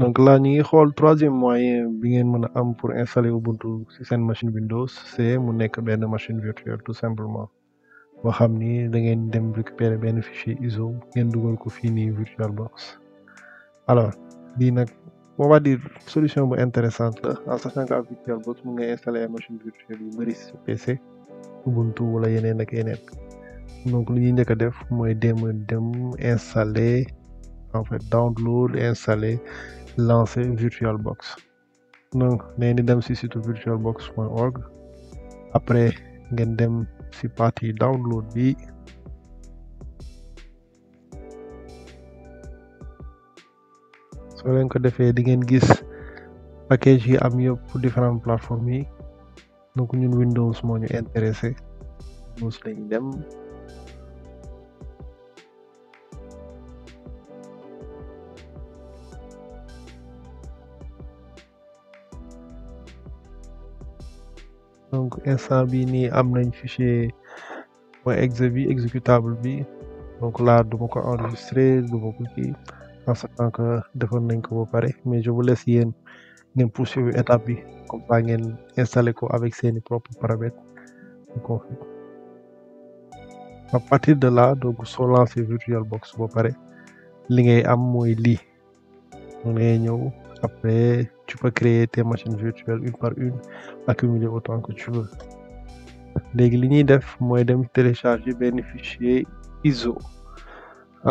donc là ñu ngi xool troisième moyen bi ngeen mën a am pour installer Ubuntu si seen machine Windows c'est mu nekk benn machine virtuelle tout simplement boo xam ni da ngeen dem récupérer benn fichier ISO ngeen dugal ko fii nii VirtualBox alors lii nag on va solution bu intéressante la en sachant que ak VirtualBox mun ngay installer ay machine virtuelle yu bëri ci PC Ubuntu wala yeneen ak yeneen donc li ñuy njëkk a def mooy dem dem installer en fait download installer lancer VirtualBox donc nee ni dem si site virtualbox.org après ngeen dem si partie download bi soo leen ko defee di ngeen gis package yi am yo pour différentes plateformes yi donc ñun Windows moo ñu intéressé dem. donc instant bi nii am nañ fichier mooy exe bi exécutable bi donc là du ma ko enregistrer du ma ko kii defoon nañ ko ba pare mais je vous laisse yéen ngeen poursuivre étape bi comme ça ngeen installer ko avec seeni propres paramètres de config à partir de là donc soo lancé VirtualBox ba pare li ngay am mooy lii mun ñëw Après, tu peux créer tes machines virtuelles une par une, accumuler autant que tu veux. léegi li ñuy def mooy dem télécharger benn fichier ISO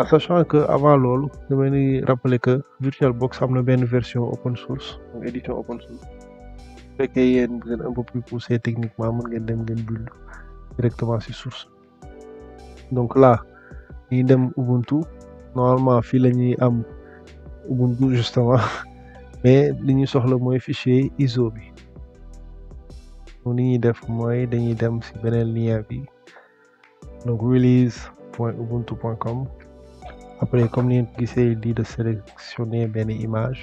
en sachant que avant loolu damay ni rappeler que VirtualBox am na benn version open source donc édition open source bu fekkee yéen un peu plus poussé techniquement mën ngeen dem ngeen build directement ci source donc là ñuy dem Ubuntu normalement fii la ñuy am Ubuntu justement mais li ñu soxla mooy fichier ISO bi mu ñuy def mooy dañuy dem si beneen lien bi donc release point ubuntu point com après comme ni ngeen gisee lii de sélectionner benn image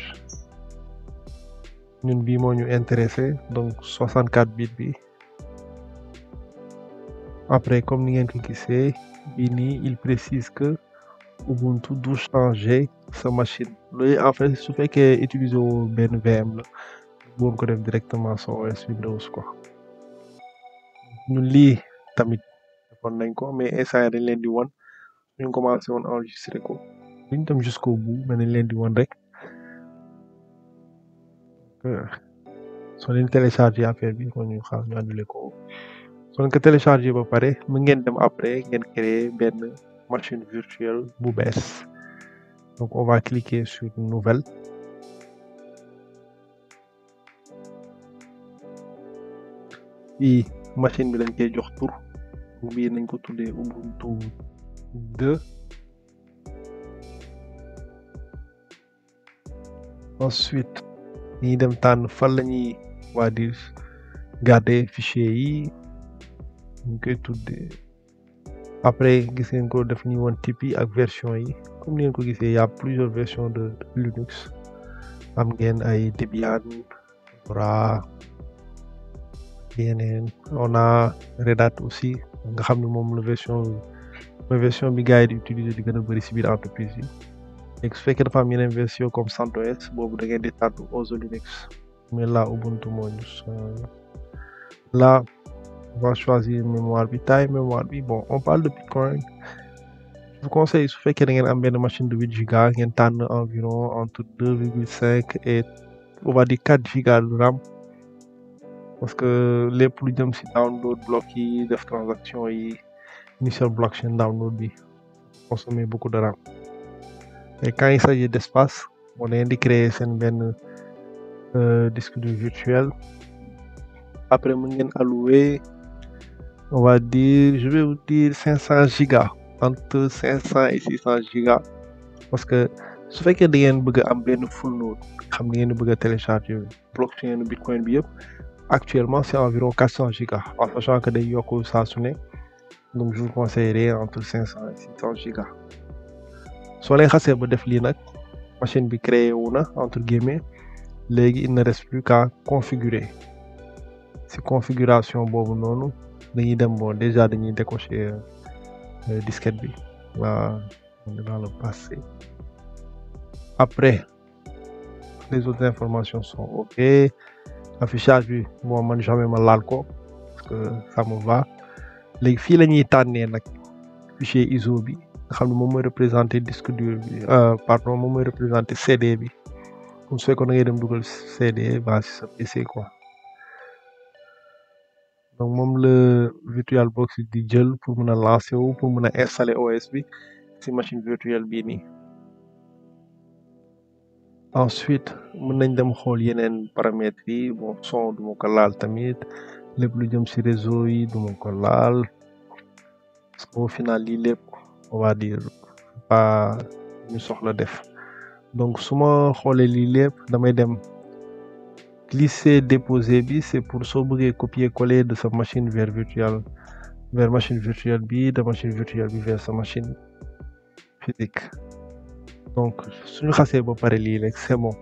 ñun bii moo ñu intéressé donc 64 bit bi après comme ni ngeen ko gisee bii nii il précise que Ubuntu douze cent G sa machine loolu en fait su fekkee utiliser woo benn VM la boon ko def directement sa OS Windows quoi ñun lii tamit defoon nañ ko mais instant dañ leen di wan ñu commencé woon enregistré ko duñ dem jusqu'au bout mais dañ leen di wan rek euh, soo leen téléchargé affaire bi kon ñu ñu annulé ko soo leen ko téléchargé ba pare mu ngeen dem après ngeen créer benn machine virtuelle bu bees donc on va cliquer sur nouvelle bii machine bi lañ koy jox tur bii nañ ko tuddee ubuntu 2 ensuite ñi dem tànn fan la ñuy waa di garder fichier yi ñu koy tuddee après gis ngeen ko def ni woon type yi ak version yi comme ni ko gisee y a plusieurs versions de Linux am ngeen ay Debian Ra yeneen on a Red aussi nga xam ne moom la version la version bi gars yi di utiliser di gën a bëri si biir entreprise yi léegi su am yeneen version comme CentOS boobu da ngeen di tànn OSO Linux mais là Ubuntu moo ñu la on va choisir mémoire bi taille mémoire bi on parle de bitcoin je vous conseille su fekkee da ngeen am benn machine de huit giga ngeen tànn environ entre deux virgule cinq et on va quatre giga de RAM parce que lépp lu jëm si download bloc yi def transaction yi initial blockchain download bi consommer beaucoup de RAM et quand il s'agit d'espace on a indi seen benn euh, disque dur virtuel après mën ngeen on va dire, je vais vous dire 500 gigas entre et 600 parce que su fekkee da ngeen bëgg am benn full node xam ngeen bëgg a télécharger blockchain bitcoin bi yëpp actuellement c'est environ 400 gigas en sachant que day yokk saa su ne donc je entre 500 soo leen xasee ba def lii nag machine bi créé wu na entre guillemets léegi il e ne reste plus qu'à configurer si configuration um boobu noonu. dañuy dem bon déjà dañuy décocher euh, disquette bi voilà on est dans après les autres informations sont ok affichage bi bon man jamais ma laal ko parce que ça va léegi fii la ñuy tànnee nag fichier ISO bi xam ne moom représenter disque dur bi euh, pardon moom mooy représenter CD bi comme su fekkoon da ngay dem dugal CD ba si sa PC quoi. donc moom la VirtualBox di jël pour mën a lancer wu pour mën a installer OS bi ci machine virtuelle bii nii ensuite mën nañ dem xool yeneen paramètres yi bon son du ko laal tamit lépp lu jëm si réseau yi du ma ko laal parce que au final lii lépp on va soxla def donc su ma xoolee lii lépp damay dem glisser déposer bi c'est pour soo bëggee copier coller de sa machine vers virtuelle vers machine virtuelle bi de machine virtuelle bi vers sa machine physique donc suñu xasee ba pare lii rek c'est bon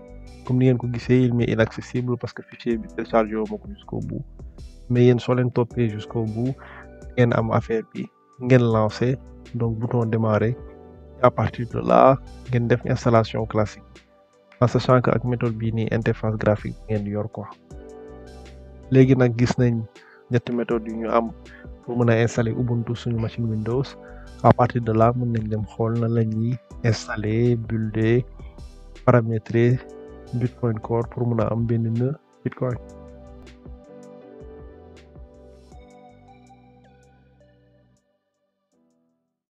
comme ni ngeen ko gisee il m'est inaccessible parce que fichier bi téléchargé woo ma ko jusqu'au bout mais yéen soo leen toppee jusqu'au bu ngeen am affaire bi ngeen lancer donc bouton démarrer à partir de là ngeen def installation classique en sachant que ak méthode bii nii interface graphique bi ngeen yor ko léegi nag gis nañ ñetti méthode yu ñu am pour mën a u buntu suñu machine Windows à partir de la mën nañ dem xool na la ñuy installer builder paramétrer Bitcoin Core pour mën a am benn Bitcoin.